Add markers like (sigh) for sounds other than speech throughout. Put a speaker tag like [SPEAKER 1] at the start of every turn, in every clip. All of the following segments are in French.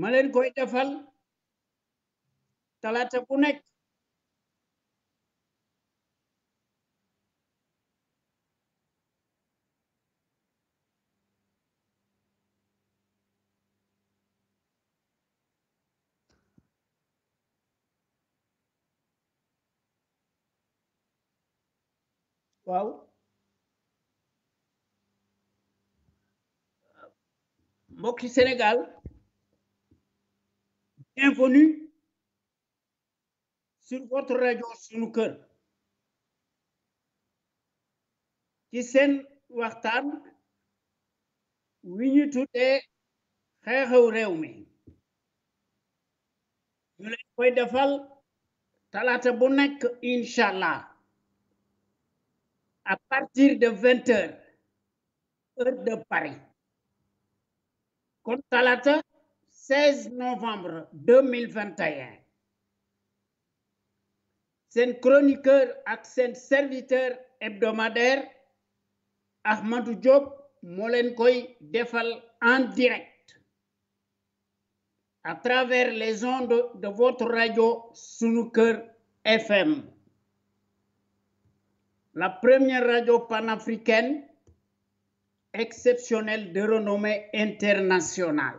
[SPEAKER 1] মালের কয়টা ফাল তালাটা পুনেক Wow. Moki Senegal Bienvenue sur votre radio sur ci seen wartan, wi ñu tuddee xew-xew réew mi ñu leen koy defal bu à partir de 20 heures heure de Paris kon Talata 16 novembre 2021 un chroniqueur et serviteur hebdomadaire Ahmadou Diop defal en direct à travers les ondes de votre radio Sunuker FM la première radio panafricaine exceptionnelle de renommée internationale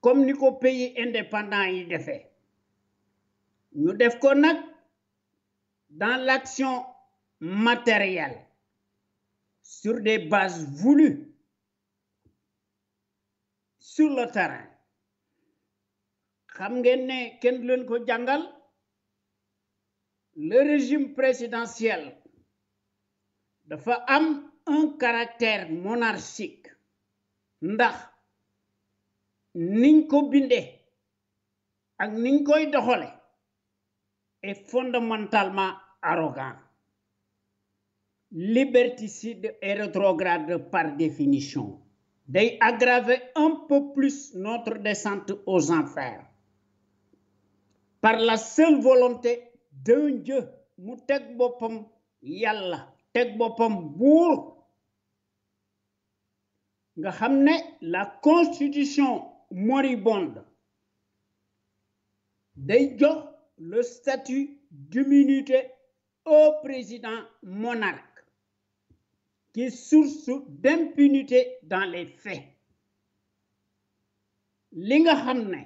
[SPEAKER 1] comme ni pays indépendant yi devons ñu def ko dans l'action matérielle sur des bases voulues sur le terrain xam ngeen ne kenn ko le régime présidentiel dafa am un caractère monarchique ndax niñ ko bindé ak niñ koy est fondamentalement arrogant liberticide et rétrograde par définition day aggraver un peu plus notre descente aux enfers par la seule volonté d'un dieu mu bopam yalla nous bopam la constitution moribonde Déjà, le statut d'immunité au président monarque qui est source d'impunité dans les faits li nga nous ne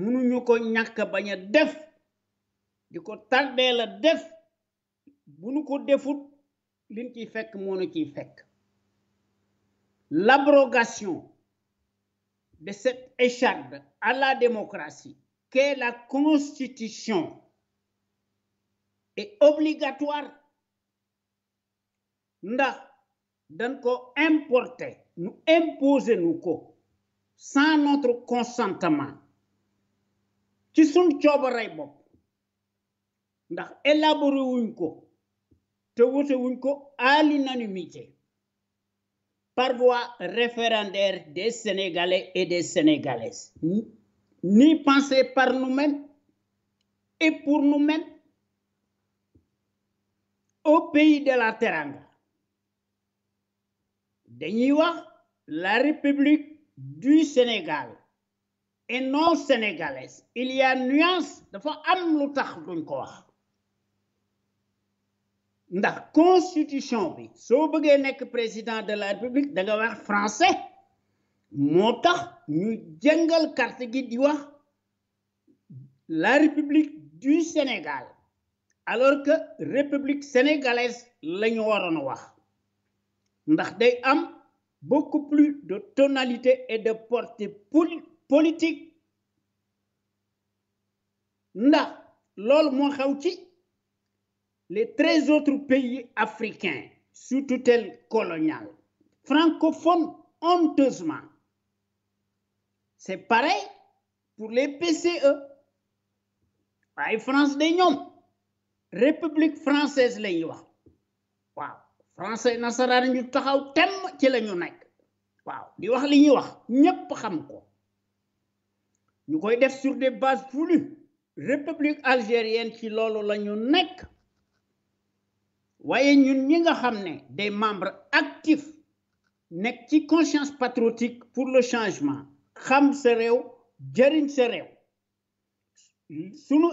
[SPEAKER 1] mënuñu ko ñàkk bañ def di ko tardee la def faire nu ko defut liñ ciy fekk moo l'abrogation de cette écharpe à la démocratie que la Constitution est obligatoire nous devons importer nous imposer sans notre consentement ci devons ndax élaborer ko te à l'unanimité par voie référendaire des Sénégalais et des Sénégalaises, ni penser par nous-mêmes et pour nous-mêmes au pays de la Teranga. Deniwa, la République du Sénégal et non sénégalaise. Il y a nuance, de am la constitution bi soo bëggee nekk président de la république da nga wax français moo ñu jëngal carte gi di wax la république du Sénégal alors que république sénégalaise la ñu waroon a wax ndax day beaucoup plus de tonalité et de portée politique ndax loolu moo xew ci les 13 autres pays africains sous tutelle coloniale, francophones honteusement. C'est pareil pour les PCE. France de république française la ñuy France waaw français nasaraan ñu taxaw thème ci est ñu nekk waaw di wax li wax ñépp xam ko sur des bases voulues république algérienne qui est la ñu Waye ñun des membres actifs nek ci conscience patriotique pour le changement xam sa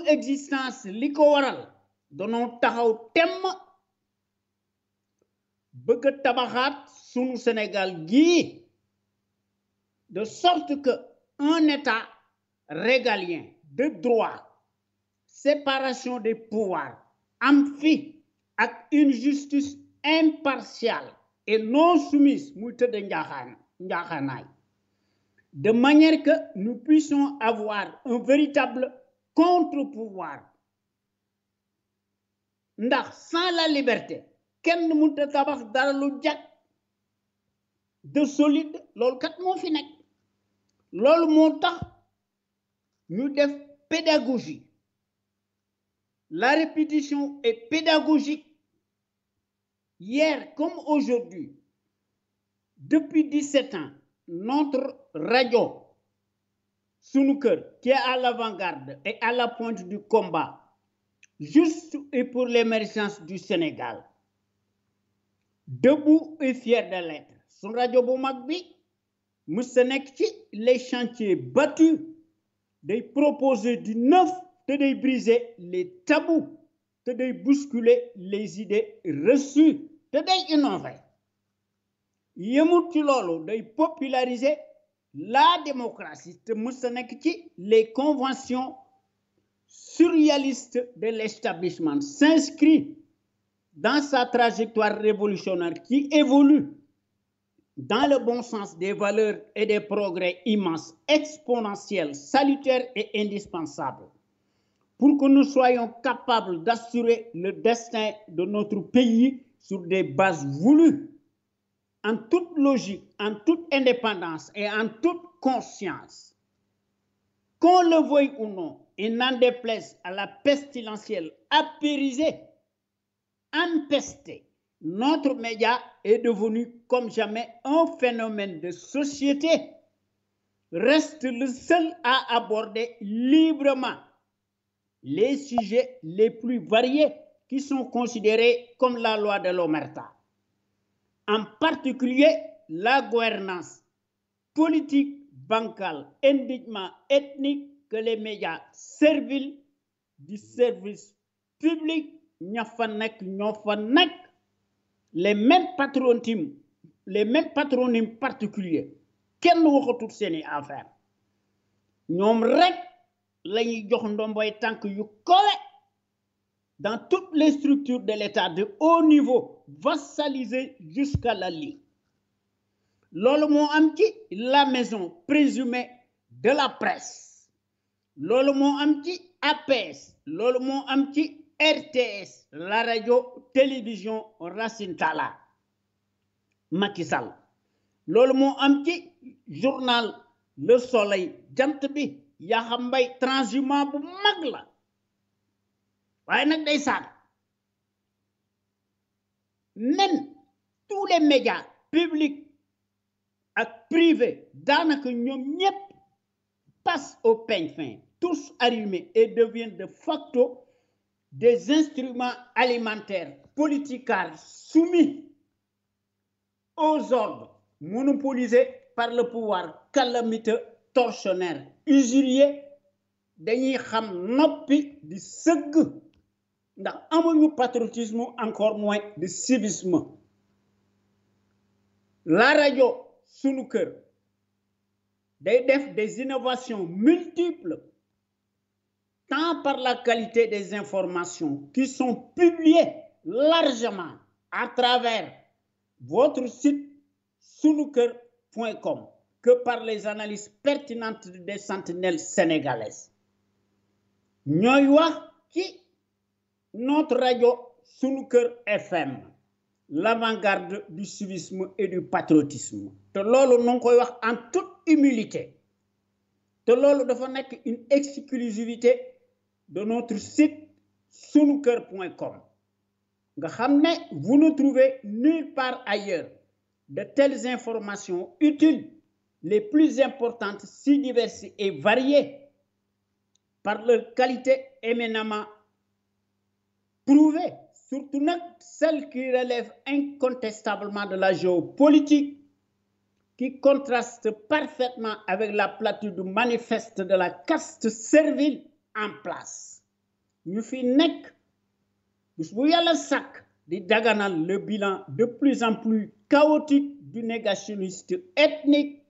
[SPEAKER 1] existence li waral taxaw bëgg tabaxat suñu Sénégal de sorte que un état régalien de droit séparation des pouvoirs am avec une justice impartiale et non soumise de manière que nous puissions avoir un véritable contre-pouvoir ndax sans la liberté kenn mënut a tabax dara lu jag de solide loolu kat mo fi nekk motax pédagogie la répétition est pédagogique Hier comme aujourd'hui, depuis 17 ans, notre radio Sunuker, qui est à l'avant-garde et à la pointe du combat, juste et pour l'émergence du Sénégal. Debout et fier de l'être. Son radio Boumagbi, Moussenekti, les chantiers battus, des proposés du neuf, de briser les tabous de de bousculer les idées reçues te innover yëmut de populariser la démocratie te les conventions surréalistes de l'établissement s'inscrit dans sa trajectoire révolutionnaire qui évolue dans le bon sens des valeurs et des progrès immenses, exponentiels, salutaires et indispensables pour que nous soyons capables d'assurer le destin de notre pays sur des bases voulues, en toute logique, en toute indépendance et en toute conscience. Qu'on le veuille ou non, et n'en déplaise à la pestilentielle apérisée, empestée, notre média est devenu comme jamais un phénomène de société, reste le seul à aborder librement les sujets les plus variés qui sont considérés comme la loi de l'Omerta, en particulier la gouvernance politique, bancale, indignement ethnique que les médias servent du service public les mêmes patronymes les mêmes patronymes particuliers kenn waxatul seeni à faire? rek lañuy jox ndomboy yu dans toutes les structures de l'État de haut niveau vassalisé jusqu'à la ligne lolu mo la maison présumée de la presse lolu Amti, APS lolu Amti, RTS la radio télévision Racine Tala. Macky Sall journal Le Soleil jant Y'a Mbay transhumant bu mag la waaye day même tous les médias publics et privés dans ñoom ñëpp passent au peigne fin tous allumés et deviennent de facto des instruments alimentaires politiques soumis aux ordres monopolisés par le pouvoir calamiteux tortionnaire usurier dañuy xam noppi di sëgg ndax amuñu patriotisme encore moins de civisme la radio sunu des innovations multiples tant par la qualité des informations qui sont publiées largement à travers votre site sunuker.com que par les analyses pertinentes des sentinelles sénégalaises Nous avons notre radio sunu FM l'avant-garde du civisme et du patriotisme Nous avons, en toute humilité te avons une exclusivité de notre site sunuker.com vous ne trouvez nulle part ailleurs de telles informations utiles les plus importantes, si diverses et variées, par leur qualité éminemment prouvée, surtout celles qui relèvent incontestablement de la géopolitique, qui contraste parfaitement avec la platitude manifeste de la caste servile en place. Nous fi le bilan de plus en plus chaotique du négationniste ethnique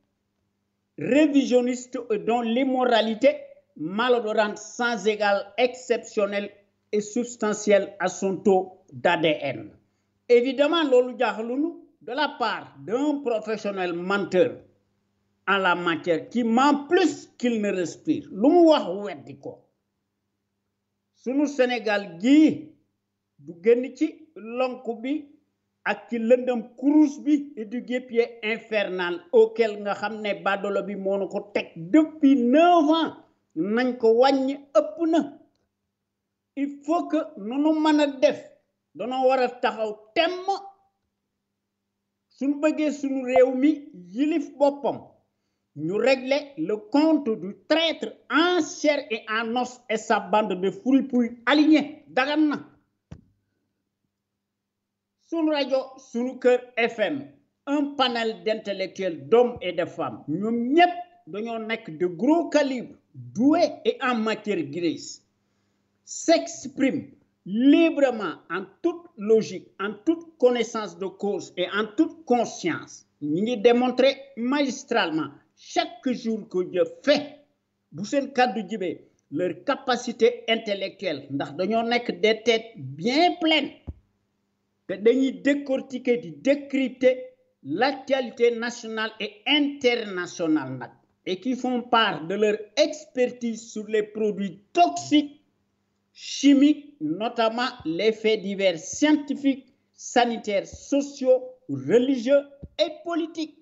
[SPEAKER 1] révisionniste dont l'immoralité malodorante sans égal exceptionnelle et substantielle à son taux d'ADN. Évidemment, dit, de la part d'un professionnel menteur en la matière qui ment plus qu'il ne respire. le Sénégal gi du ak ci lendeum kurus bi du guépier infernal auquel nga xamné badolo bi mon ko tek depuis 9 ans nañ ko wagn ëpp na il faut que nunu mën a def danoo war a taxaw tem suñu bëggee suñu réew mi yilif bopam ñu régler le compte du traître en chair et en os et sa bande de fripouilles alignés dagan na radio, sur le cœur FM un panel d'intellectuels d'hommes et de femmes nous sommes de gros calibre doués et en matière grise s'expriment librement en toute logique en toute connaissance de cause et en toute conscience Ils démontrent magistralement chaque jour que Dieu fait bu leur capacité intellectuelle ndax dañoo des têtes bien pleines que décortiquer de décrypter l'actualité nationale et internationale et qui font part de leur expertise sur les produits toxiques chimiques notamment les faits divers scientifiques sanitaires sociaux religieux et politiques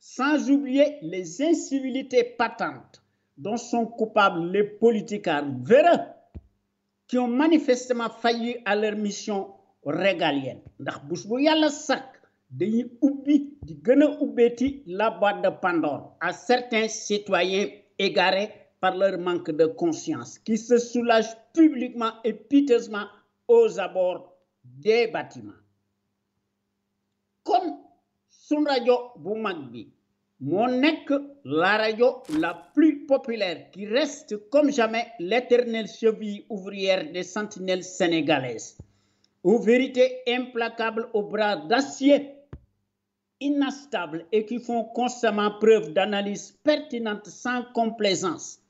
[SPEAKER 1] sans oublier les incivilités patentes dont sont coupables les politiciens véreux qui ont manifestement failli à leur mission régalienne ndax bus bu sac de la boîte de Pandore à certains citoyens égarés par leur manque de conscience qui se soulagent publiquement et piteusement aux abords des bâtiments Comme son radio Boumagbi, mon la radio la plus populaire qui reste comme jamais l'éternelle cheville ouvrière des sentinelles sénégalaises aux vérités implacables aux bras d'acier inestables et qui font constamment preuve d'analyse pertinente sans complaisance,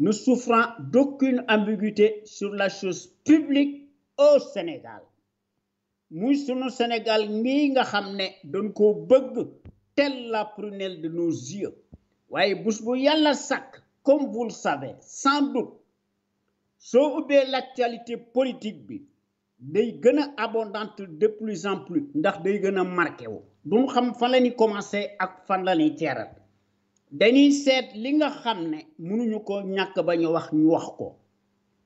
[SPEAKER 1] ne souffrant d'aucune ambiguïté sur la chose publique au Sénégal. Nous, sommes au Sénégal nous nga dans le dañ tel la prunelle de nos yeux comme vous le savez sans doute sur l'actualité politique day gën a abondante de plus en plus ndax day gën a marqué wu duñ xam fan la ñuy commencé ak fan la teeral dañuy seet li nga xam ne mënuñu ko ñàkk ba ñu wax ñu wax ko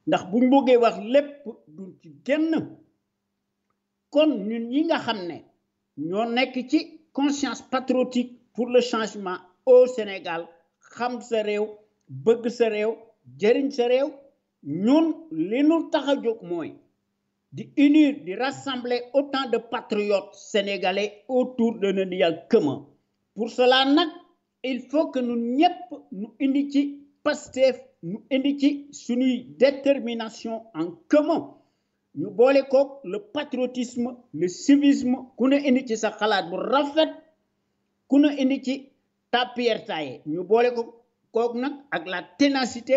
[SPEAKER 1] ndax buñ bëggee wax lépp du ci génn kon ñun ñi nga xam ne ñoo nekk ci conscience patriotique pour le changement au Sénégal xam sa réew bëgg sa réew jëriñ sa réew ñun li nu tax jóg mooy d'unir, de rassembler autant de patriotes sénégalais autour de nos Pour cela, il faut que nous ñep nous indiquions Pastef nous indiquions une détermination en commun. nous voulons que le patriotisme le civisme ku ne indi ci sa xalaat bu rafet ku ne indi ci ta pierre voulons ñu bolé ko la ténacité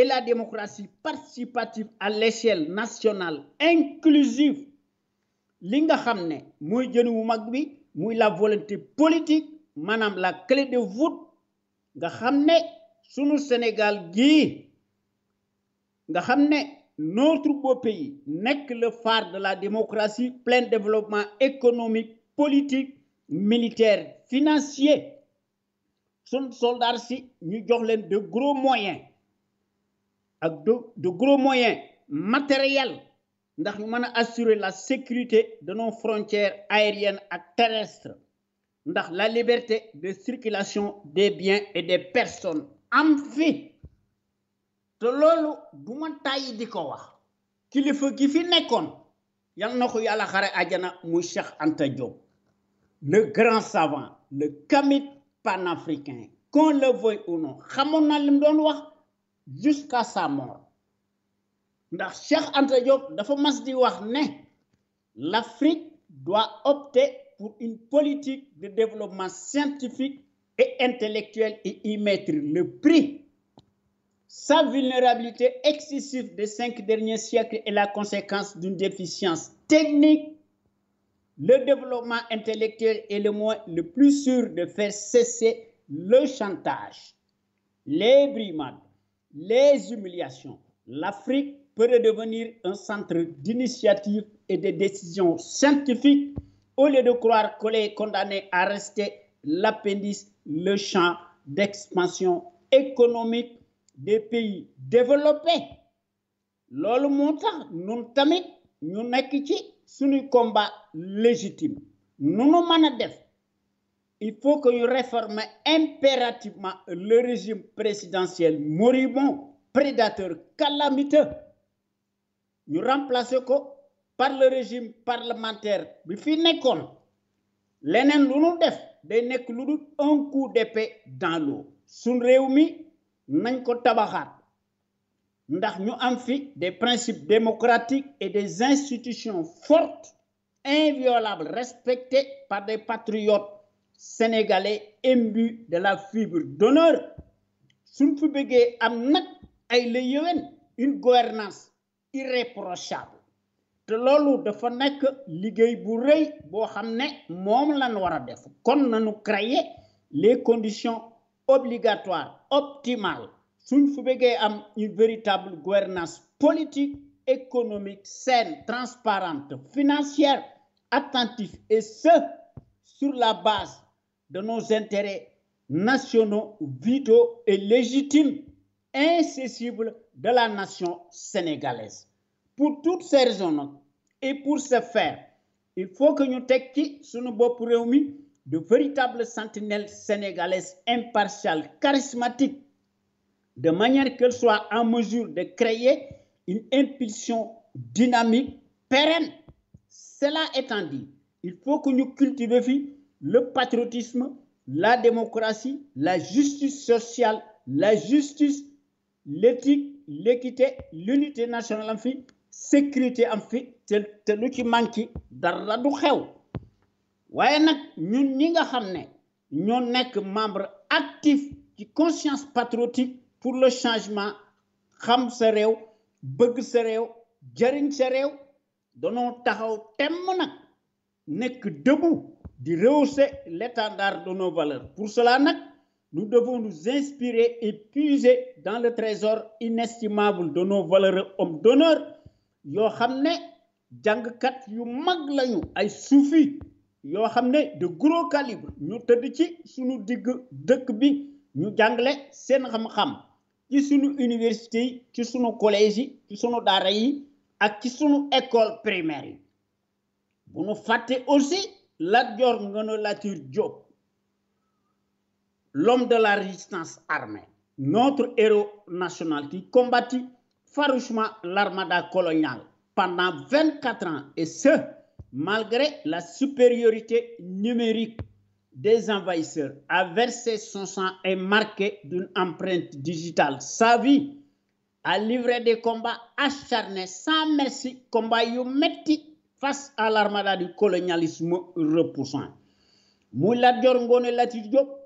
[SPEAKER 1] et la démocratie participative à l'échelle nationale inclusive Ce nga la volonté politique madame, la clé de voûte nous avons, le Sénégal nous nga notre beau pays que le phare de la démocratie plein développement économique politique militaire financier son soldats nous, ñu de gros moyens ak de de gros moyens matériels ndax ñu mën assurer la sécurité de nos frontières aériennes et terrestres ndax la liberté de circulation des biens et des personnes am fi te loolu du ma tàyyi di ko wax kilifa gi fi nekkoon yal na ko yàlla xare àjjana muy Cheikh Anta Diop le grand savant le kamit panafricain qu'on le veuille ou non xamoon na li doon wax jusqu'à sa mort ndax Cheikh Anta Diop dafa mas di wax l'Afrique doit opter pour une politique de développement scientifique et intellectuel et y mettre le prix. Sa vulnérabilité excessive des cinq derniers siècles est la conséquence d'une déficience technique. Le développement intellectuel est le moins, le plus sûr de faire cesser le chantage, les brimades, les humiliations, l'Afrique peut redevenir un centre d'initiative et de décisions scientifiques au lieu de croire qu'elle est condamné à rester l'appendice, le champ d'expansion économique des pays développés. Lolo montant, nous sommes tamit ñu nekk ci suñu combat légitime Nous il faut que nous réformions impérativement le régime présidentiel moribond, prédateur, calamiteux. Nous remplaçons par le régime parlementaire. Mais leneen Nous nu def day un coup d'épée dans l'eau Sun réew mi ko tabaxat ndax ñu am fi des principes démocratiques et des institutions fortes inviolables respectées par des patriotes sénégalais imbu de la fibre d'honneur suñ fu bëggee am ay une gouvernance irréprochable te loolu dafa créer les conditions obligatoires optimales suñ fu une véritable gouvernance politique économique saine transparente financière attentive et ce sur la base de nos intérêts nationaux, vitaux et légitimes, incessibles de la nation sénégalaise. Pour toutes ces raisons et pour ce faire, il faut que nous tekki sunu bop de véritables sentinelles sénégalaises impartiales, charismatiques, de manière qu'elles soient en mesure de créer une impulsion dynamique, pérenne. Cela étant dit, il faut que nous cultivions le patriotisme, la démocratie, la justice sociale, la justice, l'éthique, l'équité, l'unité nationale en fi sécurité en fi c'est ce lu manque dans la du xew waaye ñun ñi nga xam membre actif ci conscience patriotique pour le changement xam sa réew bëgg sa réew jëriñ sa réew danoo debout de rehausser l'étendard de nos valeurs. Pour cela, nous devons nous inspirer et puiser dans le trésor inestimable de nos valeurs hommes d'honneur. Yo xamné yu mag lañu ay soufi de gros calibre Nous teud ci suñu nous dekk bi ñu xam xam ci suñu université ci suñu collège ci suñu yi ak ci primaire bu aussi l'homme de la résistance armée notre héros national qui combattit farouchement l'armada coloniale pendant 24 ans et ce malgré la supériorité numérique des envahisseurs a versé son sang et marqué d'une empreinte digitale sa vie a livré des combats acharnés sans merci combat you face à l'armada du colonialisme repoussant. Ngone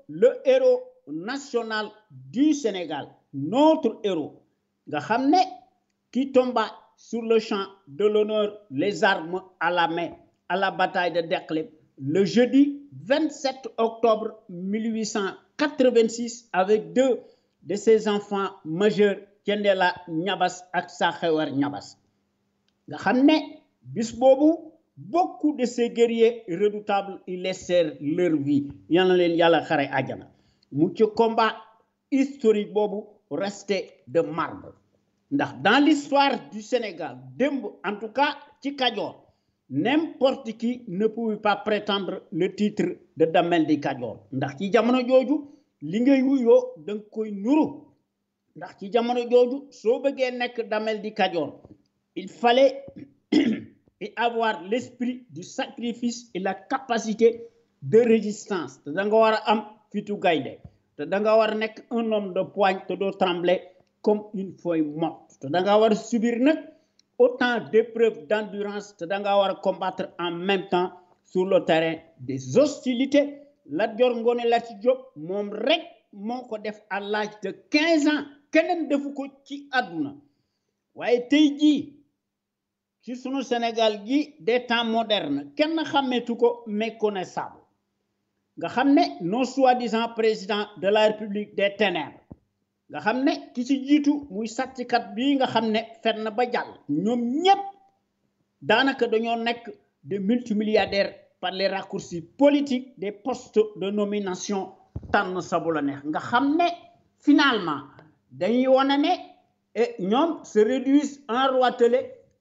[SPEAKER 1] le héros national du Sénégal, notre héros, qui tomba sur le champ de l'honneur, les armes à la main, à la bataille de Deklep, le jeudi 27 octobre 1886, avec deux de ses enfants majeurs, Kendela Nyabas et N'Yabas, Nyabas bis bobu beaucoup de ces guerriers redoutables ils laissèrent leur vie yalla na yalla yàlla xare àjjana mu ci combat historique bobu resté de marbre ndax dans l'histoire du Sénégal d'emb, en tout cas ci Kajoor n'importe qui ne pouvait pas prétendre le titre de Damel di Kajoor ndax ci jamono joju li ngay wuyo dang koy nuru ndax ci jamono joju so beugé nek Damel di Kajoor il fallait (clears throat) et avoir l'esprit du sacrifice et la capacité de résistance Tu dois avoir am te un homme de poigne te tremble trembler comme une feuille morte Tu dois avoir subir autant d'épreuves d'endurance Tu dois combattre en même temps sur le terrain des hostilités La Dior la Latyr rek def à l'âge de 15 ans Quel est ci aduna. Waye tey ji ci sunu Sénégal gi des temps modernes kenn sont ko méconnaissable nga xam ne non soi-disant président de la république des ténèbres nga xam ne ki ci jiitu muy sàcckat bii nga xam ne fenn ba jàll ñoom ñépp daanaka dañoo nekk des multimilliardaires par les raccourcis politiques des postes de nomination tànn sa bu la neex nga xam ne finalement dañuy wane ne eh, ñoom se réduisent en roitelet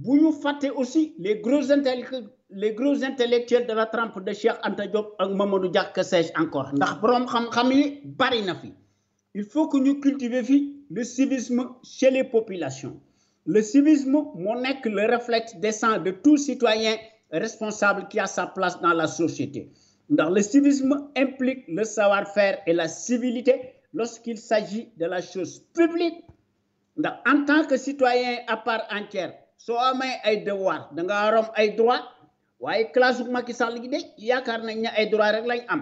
[SPEAKER 1] Vous nous aussi les gros intellectuels les gros intellectuels de la trempe de Cheikh Anta Diop ak Mamadou Diak, que sais-je encore ndax xam-xam yi bari na fi il faut que nous cultivions le civisme chez les populations le civisme mon école, le réflexe descend de tout citoyen responsable qui a sa place dans la société ndax le civisme implique le savoir-faire et la civilité lorsqu'il s'agit de la chose publique en tant que citoyen à part entière so amee ay devoir da nga rom ay droit waye classe Macky Sall gi de yakar nañ ne ay droit rek lañ am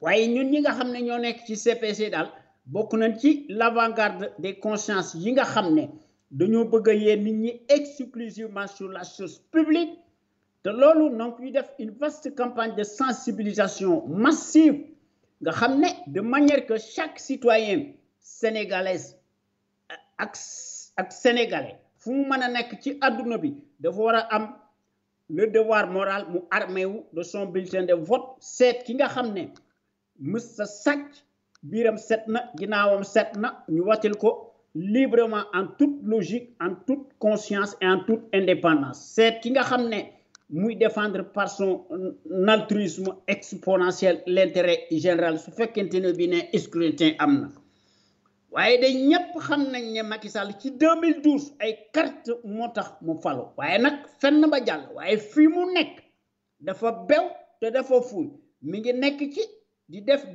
[SPEAKER 1] waye ñun ñi nga xamné ño nek ci CPC dal bokku nañ ci l'avant-garde des consciences yi nga xamné de bëgg yé nit ñi exclusivement sur la chose publique De là, non ñu def une vaste campagne de sensibilisation massive nga xamné de manière que chaque citoyen sénégalais ak ak sénégalais fu nek ci aduna bi dafa wara am le devoir moral mu armé wu de son bulletin de vote set ki nga xam ne mës biram set na ginaawam set na ñu watil ko librement en toute logique en toute conscience et en toute indépendance set ki nga xam muy défendre par son altruisme exponentiel l'intérêt général su fekkente ne bi ne scrutin amna waaye de le xam nañ Macky Sall 2012 ay carte moo tax mu fait waaye nag fenn ba jàll waaye de mu nekk dafa bew te dafa mi ngi nekk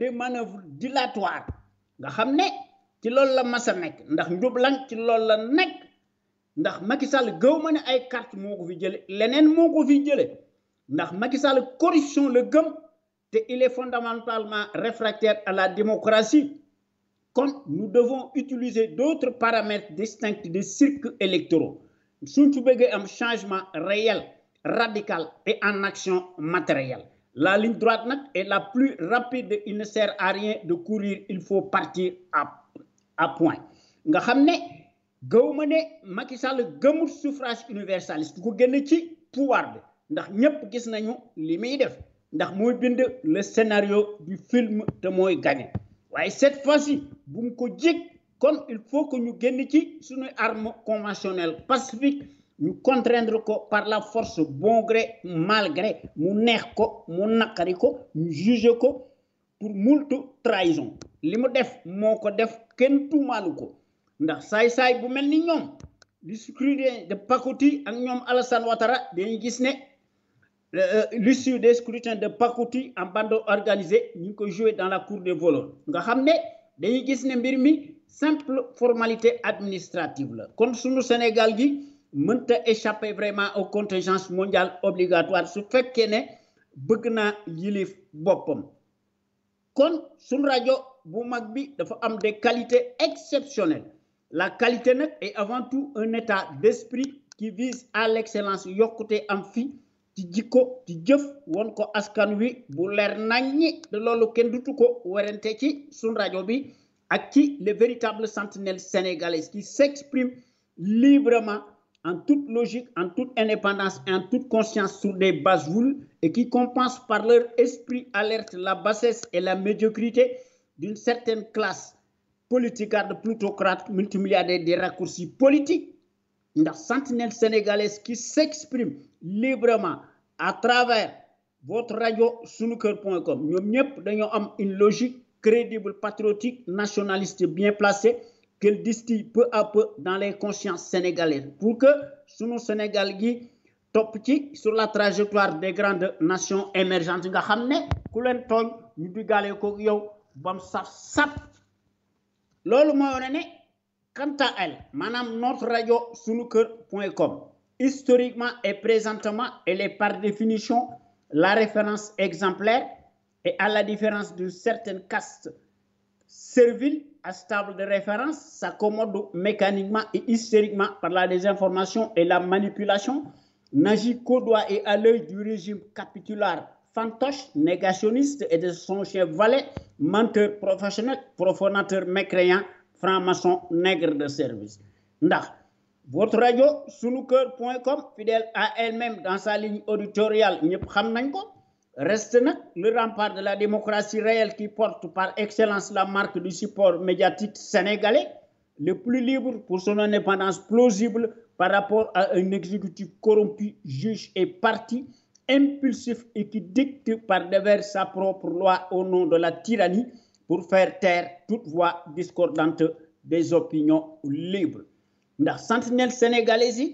[SPEAKER 1] des manœuvres dilatoires nga xam ci la masa nekk ndax njublan la nekk ndax Macky Sall carte fi Macky Sall corruption le gum il est fondamentalement réfractaire à la démocratie comme nous devons utiliser d'autres paramètres distincts des circuits électoraux. nous ci bëggee un changement réel, radical et en action matérielle. La ligne droite est la plus rapide, il ne sert à rien de courir, il faut partir à, à point. nga savez, ne gëwuma Macky Sall gëmul suffrage universaliste ku génn ci pouvoir nous ndax ñëpp gis nañu li def ndax le scénario du film te mooy gagné cette fois-ci bu il faut que nous gagnions sur nos arme conventionnelle pacifique Nous contraindre par la force bon gré mal gré mu neex ko mu nous ko pour trahison li def que Nous ko ndax ça bu de pacotille ak euh, l'issue des scrutins de Pakouti en bande organisée nous ngi dans la cour de voleurs Nous avons fait dañuy gis ne mbir simple formalité administrative la kon Sénégal nous avons échappé vraiment aux contingences mondiales obligatoires Ce fait fait bëgg naa yilif kon radio bu mag des qualités exceptionnelles la qualité est avant tout un état d'esprit qui vise à l'excellence yokkute côté fii qui jikko won les véritable qui s'exprime librement en toute logique, en toute indépendance et en toute conscience sur des bases voulues et qui compense par leur esprit alerte la bassesse et la médiocrité d'une certaine classe politicarde, plutocrate, multimilliardaire des raccourcis politiques. La sentinelle sénégalaise qui s'exprime librement à travers votre radio sunuker.com nous ñëpp dañoo une logique crédible patriotique nationaliste bien placée qu'elle distille peu à peu dans les consciences sénégalaises pour que sunu Sénégal gi sur la trajectoire des grandes nations émergentes nga xam ne ku leen tooñ ñu ko yow bam quant elle notre radio sunuker.com historiquement et présentement, elle est par définition la référence exemplaire et à la différence de certaines castes serviles à stable de référence, s'accommode mécaniquement et historiquement par la désinformation et la manipulation, n'agit qu'au doigt et à l'œil du régime capitulaire fantoche, négationniste et de son chef valet, menteur professionnel, profanateur mécréant, franc-maçon, nègre de service votre radio sunuker.com fidèle à elle-même dans sa ligne auditoriale reste le rempart de la démocratie réelle qui porte par excellence la marque du support médiatique sénégalais le plus libre pour son indépendance plausible par rapport à un exécutif corrompu, juge et parti, impulsif et qui dicte par devers sa propre loi au nom de la tyrannie pour faire taire toute voix discordante des opinions libres ndax sentinelle sénégalais yi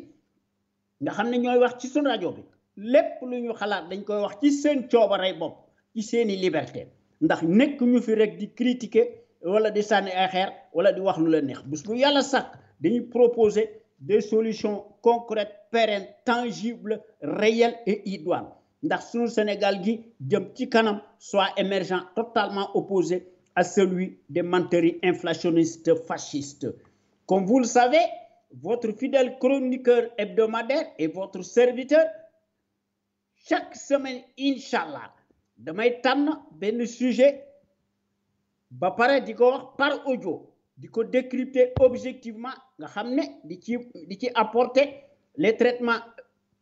[SPEAKER 1] nga xam ne ñooy wax ci sun rajo bi lépp lu ñu xalaat dañ koy wax ci seen rey bopp ci seeni liberté ndax nekk ñu fi rek di critiquer wala di sànni ay xeer wala di wax lu la neex bés bu yàlla sàkk dañuy proposer des solutions concrètes pérennes tangibles réelles et idoines ndax suñu Sénégal gi jëm ci kanam soit émergent totalement opposé à celui des menteries inflationnistes fascistes comme vous le savez votre fidèle chroniqueur hebdomadaire et votre serviteur chaque semaine inshallah demain tànn le sujet ba par audio de décrypter objectivement nga xam apporter les traitements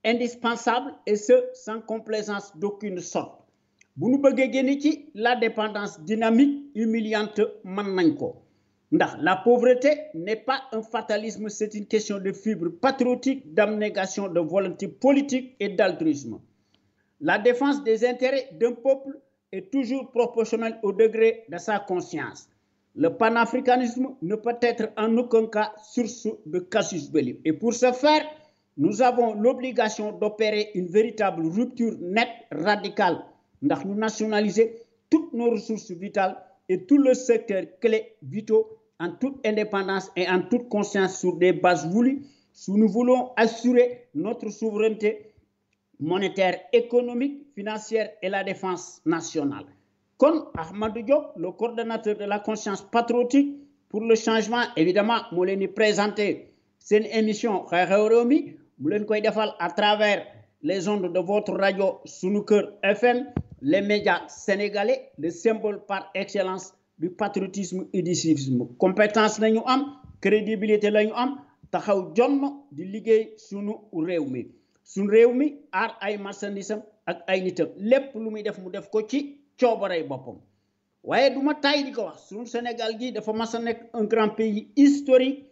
[SPEAKER 1] indispensables et ce sans complaisance d'aucune sorte Nous nu bëggee la dépendance dynamique humiliante mën la pauvreté n'est pas un fatalisme, c'est une question de fibre patriotique, d'abnégation, de volonté politique et d'altruisme. La défense des intérêts d'un peuple est toujours proportionnelle au degré de sa conscience. Le panafricanisme ne peut être en aucun cas source de casus belli. Et pour ce faire, nous avons l'obligation d'opérer une véritable rupture nette, radicale, nous nationaliser toutes nos ressources vitales et tout le secteur clé vitaux en toute indépendance et en toute conscience sur des bases voulues si nous voulons assurer notre souveraineté monétaire, économique, financière et la défense nationale. Comme Ahmadou Diop, le coordonnateur de la conscience patriotique pour le changement, évidemment, nous l'avons présenté. C'est une émission à travers les ondes de votre radio Sunuker FM, les médias sénégalais, le symbole par excellence du patriotisme civisme. compétence nañu am crédibilité lañu am taxaw jonn di liggéey sunu nous. sunu ay marchandisam ak ay nitam lepp lu muy def mu def ko ci bopam waye tay di wax sunu Sénégal gi dafa massa nous un grand pays historique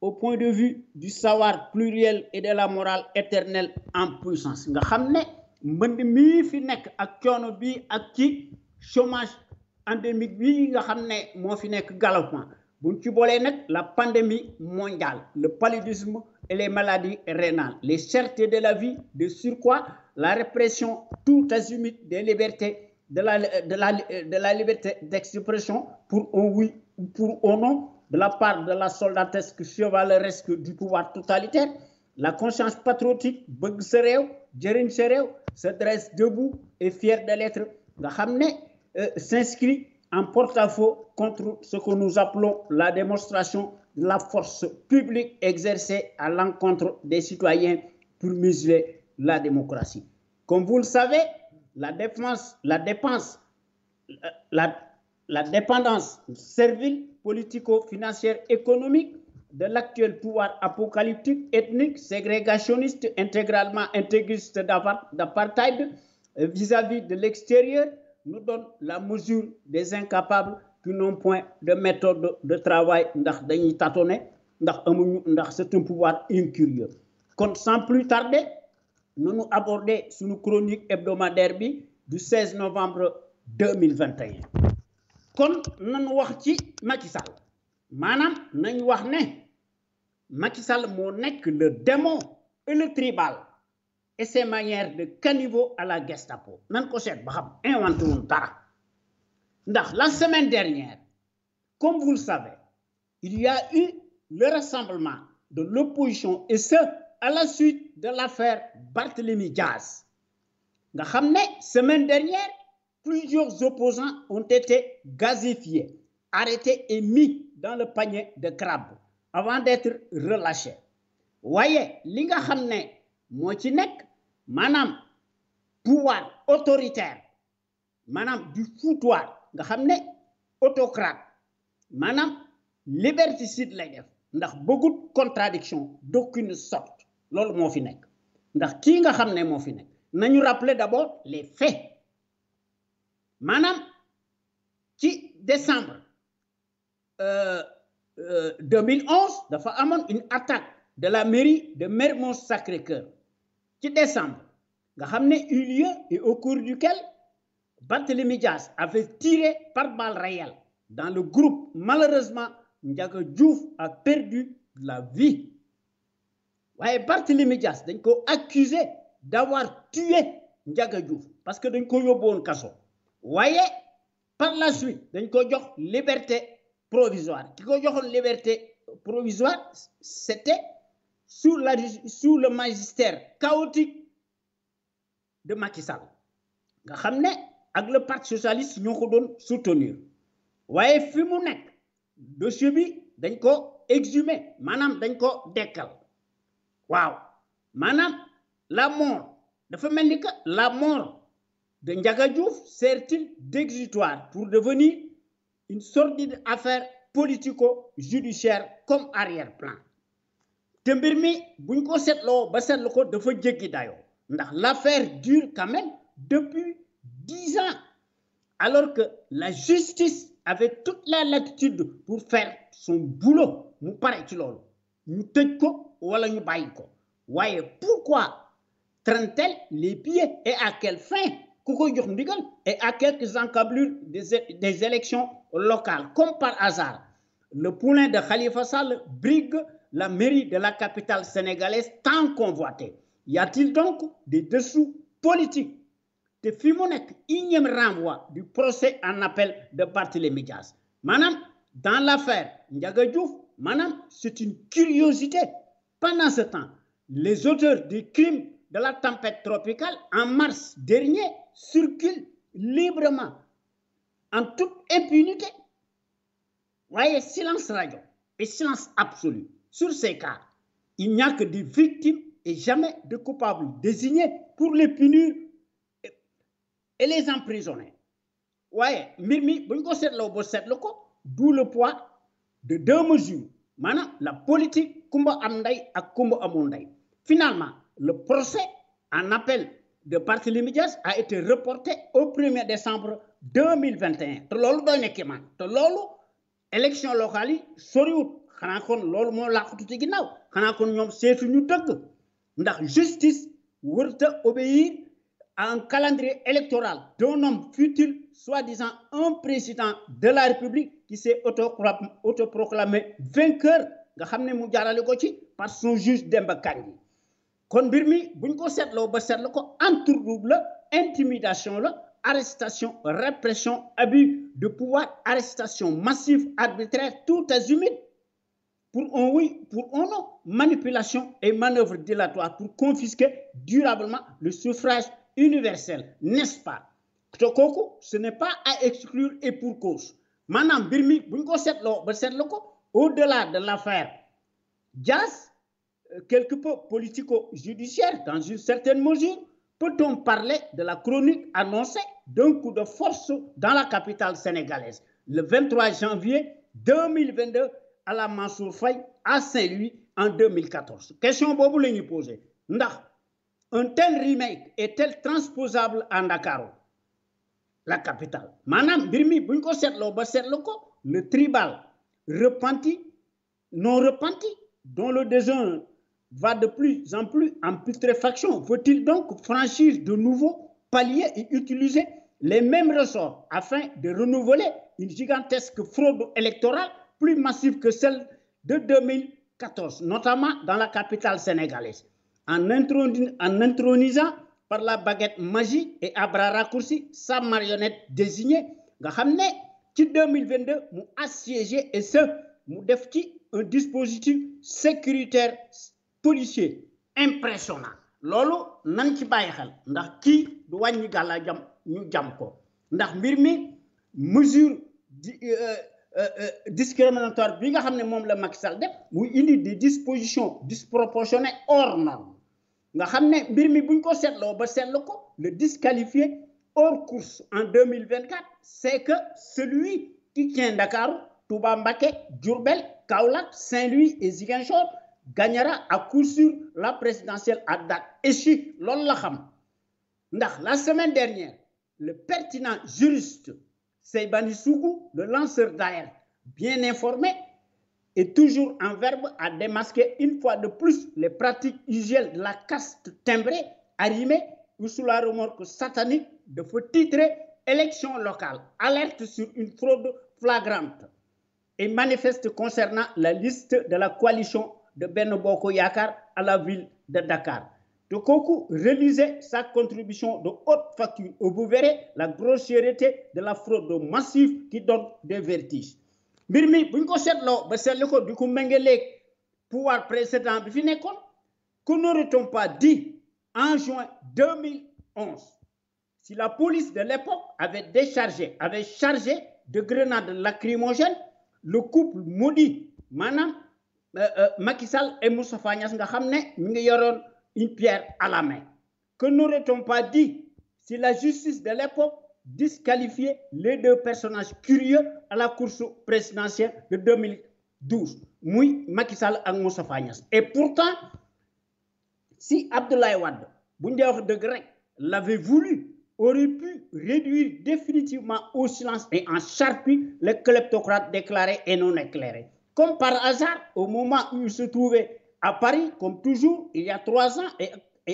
[SPEAKER 1] au point de vue du savoir pluriel et de la morale éternelle en puissance nga xamné ne fi ak ak chômage endémique la pandémie mondiale le paludisme et les maladies rénales les chertés de la vie de surcroît la répression tout azimut des libertés de la de la de la liberté d'expression pour un oui ou pour un non de la part de la soldatesque chevaleresque du pouvoir totalitaire la conscience patriotique se dresse debout et fier de l'être euh, s'inscrit en porte-à-faux contre ce que nous appelons la démonstration de la force publique exercée à l'encontre des citoyens pour museler la démocratie. Comme vous le savez, la défense, la dépense, euh, la, la dépendance servile politico-financière économique de l'actuel pouvoir apocalyptique, ethnique, ségrégationniste, intégralement intégriste d'apartheid euh, vis-à-vis de l'extérieur nous donne la mesure des incapables qui n'ont point de méthode de travail ndax c'est un pouvoir incurieux sans plus tarder nous nous aborder une chronique hebdomadaire bi du 16 novembre 2021 Nous allons wax ci Macky Sall Nous allons wax de Macky Sall moo est le démon et le tribal et ses manières de caniveau à la Gestapo Je ne ba inventé la semaine dernière comme vous le savez il y a eu le rassemblement de l'opposition et ce à la suite de l'affaire Barthélemy gaz La semaine dernière plusieurs opposants ont été gazifiés arrêtés et mis dans le panier de crabe avant d'être relâchés Voyez, li nga que ne Madame, pouvoir autoritaire madame du foutoir nga autocrate madame, liberticide lay def beaucoup de contradictions d'aucune sorte Nous mo fi nek ndax Nous nga xamné rappeler d'abord les faits Madame, ci décembre 2011, nous y une attaque de la mairie de mermont Sacré-Cœur qui décembre nga y eu lieu et au cours duquel Barthélémy Dias avait tiré par balle réelle dans le groupe malheureusement Ndiaga Djouf a perdu la vie Barthélémy Dias dañ accusé d'avoir tué Ndiaga Djouf parce que dañ eu un casse. Vous voyez, par la suite a eu une liberté provisoire Qui liberté provisoire c'était sous, le magistère chaotique de Macky Sall nga xamné ak le parti socialiste ñoko a doon soutenir Waye fi mu nekk dossier bi dañ ko exhumé. manam dañ ko décalé. waaw Manam la mort dafa melni que la mort de Ndiaga Diouf sert-il d'exutoire pour devenir une sordide affaire politico-judiciaire comme arrière-plan l'affaire dure quand même depuis dix ans alors que la justice avait toute la latitude pour faire son boulot Vous parlez ci ñu ko wala pourquoi traînent les pieds et à quelle fin et à quelques encablures des élections locales comme par hasard le poulain de Khalifa Sall brigue la mairie de la capitale sénégalaise tant convoitée. Y a-t-il donc des dessous politiques de Fimonek, renvoi du procès en appel de les médias, Madame, dans l'affaire Ndiaga Madame, c'est une curiosité pendant ce temps les auteurs du crime de la tempête tropicale en mars dernier circulent librement en toute impunité Voyez, silence radio et silence absolu sur ces cas, il n'y a que des victimes et jamais de coupables désignés pour les punir et les emprisonner. Vous voyez, le poids de deux mesures Maintenant, la politique kumba am à kumba amul finalement le procès en appel de parti Dias a été reporté au 1er décembre 2021 te élection locale sur xanaa kon loolu moo làqatu ci ginnaaw xanaa kon ñoom seetu ñu dëgg ndax justice wërta obéir à un calendrier électoral d'un homme futile soi-disant un président de la république qui s'est autoproclamé vainqueur nga xam ne mu jaarale ko ci par son juge Demba Kandji kon mbir mi buñ ko seetloo ba seetlu ko entourloupe la intimidation la arrestation répression abus de pouvoir arrestation massive arbitraire tout humide pour un oui, pour un non, manipulation et manœuvre dilatoire pour confisquer durablement le suffrage universel, n'est-ce pas ce n'est pas à exclure et pour cause. Maintenant, Birmi, au-delà de l'affaire Jazz, euh, quelque peu politico-judiciaire dans une certaine mesure, peut-on parler de la chronique annoncée d'un coup de force dans la capitale sénégalaise le 23 janvier 2022 à la Mansour Faye à Saint-Louis en 2014. Question vous voulez nous poser un tel remake est il transposable à Dakar, la capitale Birmi, le tribal repenti non repenti dont le désordre va de plus en plus en putréfaction faut-il donc franchir de nouveaux paliers et utiliser les mêmes ressorts afin de renouveler une gigantesque fraude électorale plus massive que celle de 2014, notamment dans la capitale sénégalaise, en, intronisant, par la baguette magique et à bras raccourcis sa marionnette désignée nga qui, 2022 nous assiégé et ce nous def un dispositif sécuritaire policier impressionnant Lolo nan ci nous avons. ndax Nous mesure euh, euh, euh, discriminatoire bi nga a ne la Macky Sall def indi des dispositions disproportionnées hors norme nga ne mi buñ ko le disqualifié hors course en 2024, c'est que celui qui tient Dakar Touba Mbake, Djourbel, Kaolack Saint-Louis et Ziguinchor gagnera à coup sûr la présidentielle à date si loolu la xam ndax la semaine dernière le pertinent juriste c'est Sougou, le lanceur d'alerte, bien informé, et toujours en verbe à démasquer une fois de plus les pratiques usuelles de la caste timbrée, arrimée ou sous la remorque satanique de faux titres élection locale, alerte sur une fraude flagrante et manifeste concernant la liste de la coalition de Benoboko Yakar à la ville de Dakar de Koku, réduisait sa contribution de haute facture et vous verrez la grossièreté de la fraude massive qui donne des vertiges. Birmi, vous du coup. Mengele pouvoir précédent bi fi l'école, que n'aurait-on pas dit en juin 2011 si la police de l'époque avait déchargé avait chargé de grenades lacrymogènes le couple maudit euh, euh, Macky Sall et Moussa Fagnas, nga xam ne mi une pierre à la main. Que n'aurait-on pas dit si la justice de l'époque disqualifiait les deux personnages curieux à la course présidentielle de 2012, Mouy Macky Sall et Moussa Fagnas. Et pourtant, si Abdoulaye Wade, Boundiaor de Grec, l'avait voulu, aurait pu réduire définitivement au silence et en charpie les kleptocrates déclarés et non éclairés. Comme par hasard, au moment où il se trouvait à Paris, comme toujours, il y a trois ans, et,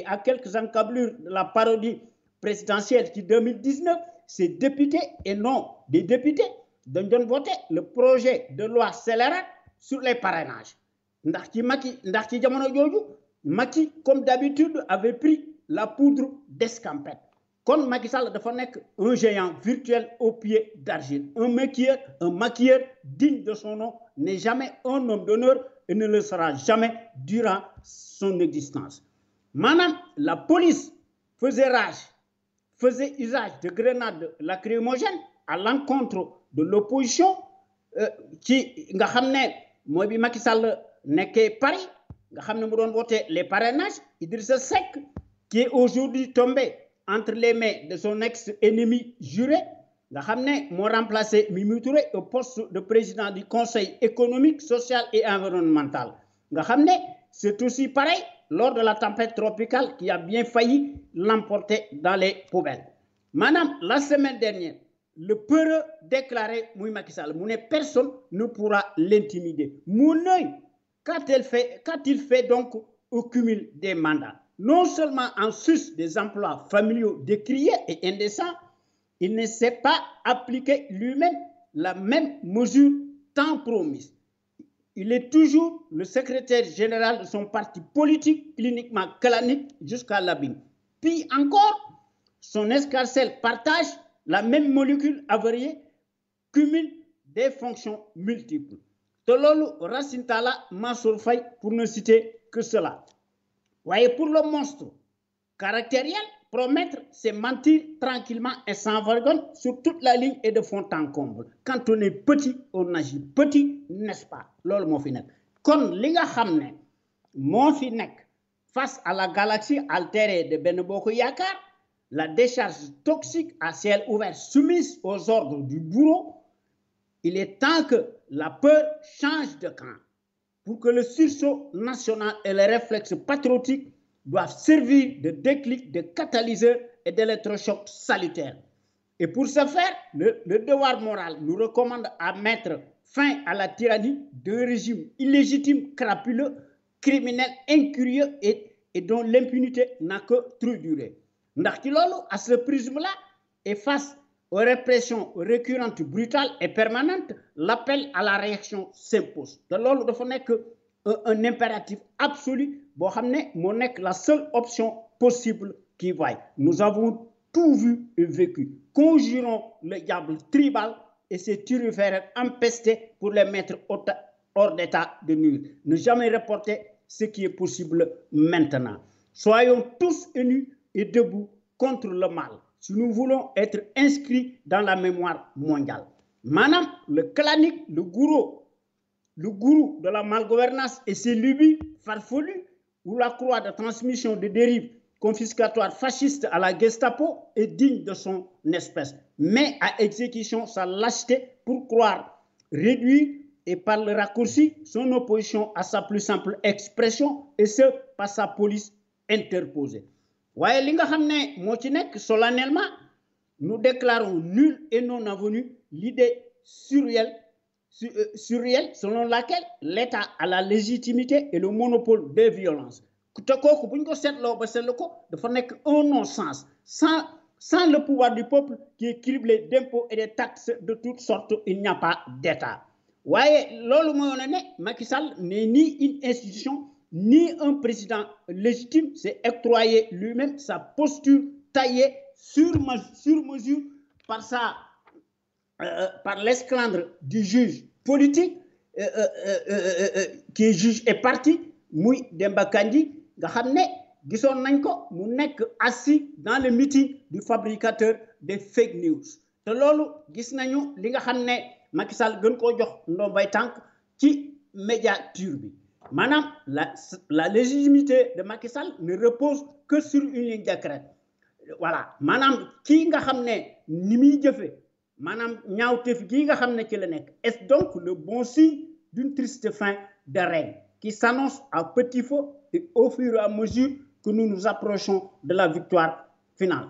[SPEAKER 1] à quelques encablures de la parodie présidentielle qui 2019, ces députés et non des députés de voter le projet de loi scélérate sur les parrainages. ndax comme d'habitude avait pris la poudre d'escampette Comme Macky Sall un géant virtuel au pied d'argile un maquilleur un maquilleur digne de son nom n'est jamais un homme d'honneur et ne le sera jamais durant son existence. Madame, la police faisait rage, faisait usage de grenades lacrymogènes à l'encontre de l'opposition euh, qui, nga Macky Sall Paris les parrainages Idrissa qui est aujourd'hui tombé entre les mains de son ex-ennemi juré nga m'a remplacé au poste de président du conseil économique social et environnemental nga c'est aussi pareil lors de la tempête tropicale qui a bien failli l'emporter dans les poubelles Madame, la semaine dernière le peureux déclaré Mouy makissal personne ne pourra l'intimider mon quand quand fait il fait donc au cumul des mandats non seulement en sus des emplois familiaux décriés et indécents il ne sait pas appliquer lui-même la même mesure tant promise. Il est toujours le secrétaire général de son parti politique, cliniquement clanique, jusqu'à l'abîme. Puis encore, son escarcelle partage la même molécule avariée, cumule des fonctions multiples. Tololo Racintala Mansourfay, pour ne citer que cela. Voyez, pour le monstre caractériel, Promettre, c'est mentir tranquillement et sans vergogne sur toute la ligne et de fond en comble. Quand on est petit, on agit petit, n'est-ce pas Lol mon fi kon li face à la galaxie altérée de Benno la décharge toxique à ciel ouvert soumise aux ordres du bourreau il est temps que la peur change de camp pour que le sursaut national et les réflexes patriotiques doivent servir de déclic, de catalyseur et d'électrochoc salutaire. Et pour ce faire, le, devoir moral nous recommande à mettre fin à la tyrannie d'un régime illégitime, crapuleux, criminel, incurieux et, dont l'impunité n'a que trop duré. Ndakhtilolo, à ce prisme-là, et face aux répressions récurrentes, brutales et permanentes, l'appel à la réaction s'impose. De l'autre, il faut que un impératif absolu boo Monek, la seule option possible qui vaille nous avons tout vu et vécu conjurons le diable tribal et ses turiféraires empestés pour les mettre hors d'état de nuit. ne jamais reporter ce qui est possible maintenant soyons tous unis et debout contre le mal si nous voulons être inscrits dans la mémoire mondiale maintenant le clanique le gourou le gourou de la malgouvernance et ses lubies farfelues où la croix de transmission de dérives confiscatoires fascistes à la Gestapo est digne de son espèce, mais à exécution sa lâcheté pour croire réduit et par le raccourci son opposition à sa plus simple expression et ce par sa police interposée. solennellement nous déclarons nul et non avenu l'idée surréelle euh, sur, selon laquelle l'État a la légitimité et le monopole des violences Tout à un non sens sans sans le pouvoir du peuple qui est criblé d'impôts et de taxes de toutes sortes il n'y a pas d'État Vous voyez, moo est. n'est ni une institution ni un président légitime C'est octroyer lui-même sa posture taillée sur sur mesure par sa euh, euh, par l'esclandre du juge politique euh, qui est juge et parti Mouy d'Embakandi, Kandji nga xam ne assis dans le meeting du fabricateur des fake news te loolu gis nañu li nga xam ne Macky Sall gën koo jox ndombay ci la la légitimité de Macky Sall ne repose que sur une ligne de voilà Madame, qui nga xamné ne ni muy manam est donc le bon signe d'une triste fin de règne qui s'annonce à petit feu et au fur et à mesure que nous nous approchons de la victoire finale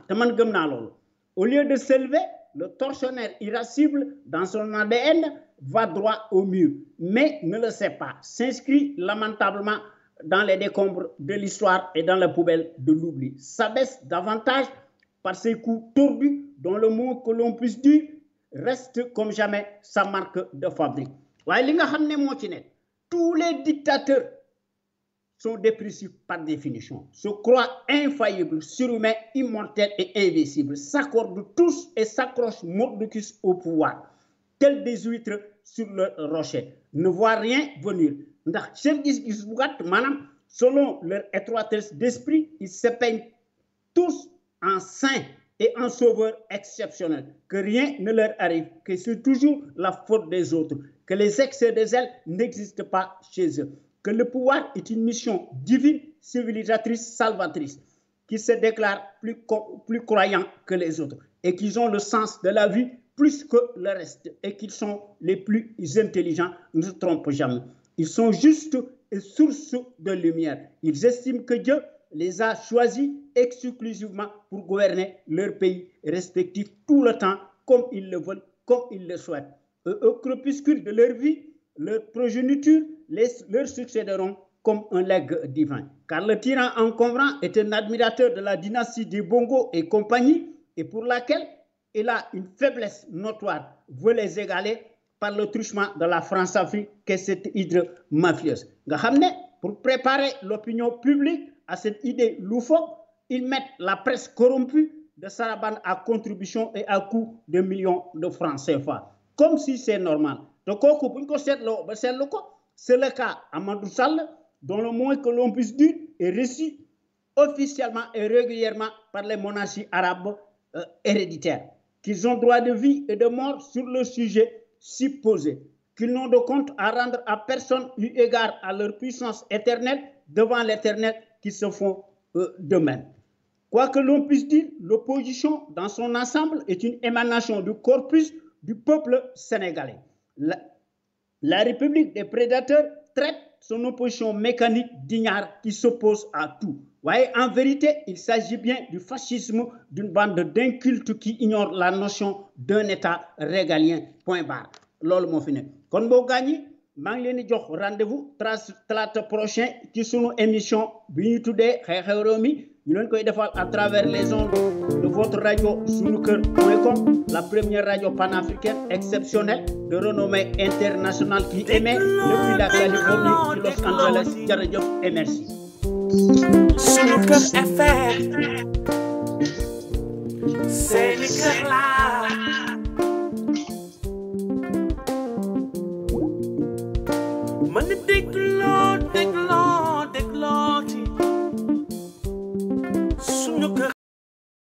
[SPEAKER 1] au lieu de s'élever le tortionnaire irascible dans son ADN va droit au mur mais ne le sait pas s'inscrit lamentablement dans les décombres de l'histoire et dans la poubelle de l'oubli s'abaisse davantage par ses coups tordus dont le mot que l'on puisse dire reste comme jamais sa marque de fabrique tous les dictateurs sont dépressifs par définition se croient infaillibles surhumains immortels et invincibles s'accordent tous et s'accrochent mordicus au pouvoir tels des huîtres sur le rocher ne voient rien venir selon leur étroitesse d'esprit ils se peignent tous en saints et un sauveur exceptionnel. Que rien ne leur arrive, que c'est toujours la faute des autres, que les excès des ailes n'existent pas chez eux, que le pouvoir est une mission divine, civilisatrice, salvatrice, qui se déclare plus, plus croyant que les autres et qu'ils ont le sens de la vie plus que le reste et qu'ils sont les plus intelligents, ne se trompent jamais. Ils sont juste et source de lumière. Ils estiment que Dieu les a choisis exclusivement pour gouverner leur pays respectif tout le temps, comme ils le veulent, comme ils le souhaitent. Au crépuscule de leur vie, leur progéniture les, leur succéderont comme un legs divin. Car le tyran encombrant est un admirateur de la dynastie des Bongo et compagnie, et pour laquelle il a une faiblesse notoire, veut les égaler par le truchement de la France-Afrique que cette hydre mafieuse. Pour préparer l'opinion publique à cette idée loufoque, ils mettent la presse corrompue de Sarabane à contribution et à coût de millions de francs CFA. Comme si c'est normal. Donc, c'est le cas à Sall, dont le moins que l'on puisse dire est reçu officiellement et régulièrement par les monarchies arabes euh, héréditaires, qu'ils ont droit de vie et de mort sur le sujet supposé, qu'ils n'ont de compte à rendre à personne eu égard à leur puissance éternelle devant l'éternel qui se font euh, d'eux-mêmes. Quoi que l'on puisse dire, l'opposition dans son ensemble est une émanation du corpus du peuple sénégalais. La, République des prédateurs traite son opposition mécanique d'ignare qui s'oppose à tout. Voyez, en vérité, il s'agit bien du fascisme d'une bande d'incultes qui ignore la notion d'un État régalien. Point barre. Lol, mon fini. Kon maa ngi rendez-vous talaata prochain ci sunu émission émissions ñu Today » xew ñu à travers les ondes de votre radio sunu la première radio panafricaine exceptionnelle de renommée internationale qui émet depuis la Californie ci Los Angeles et merci. sunu kër FM seeni thank the Lord, take the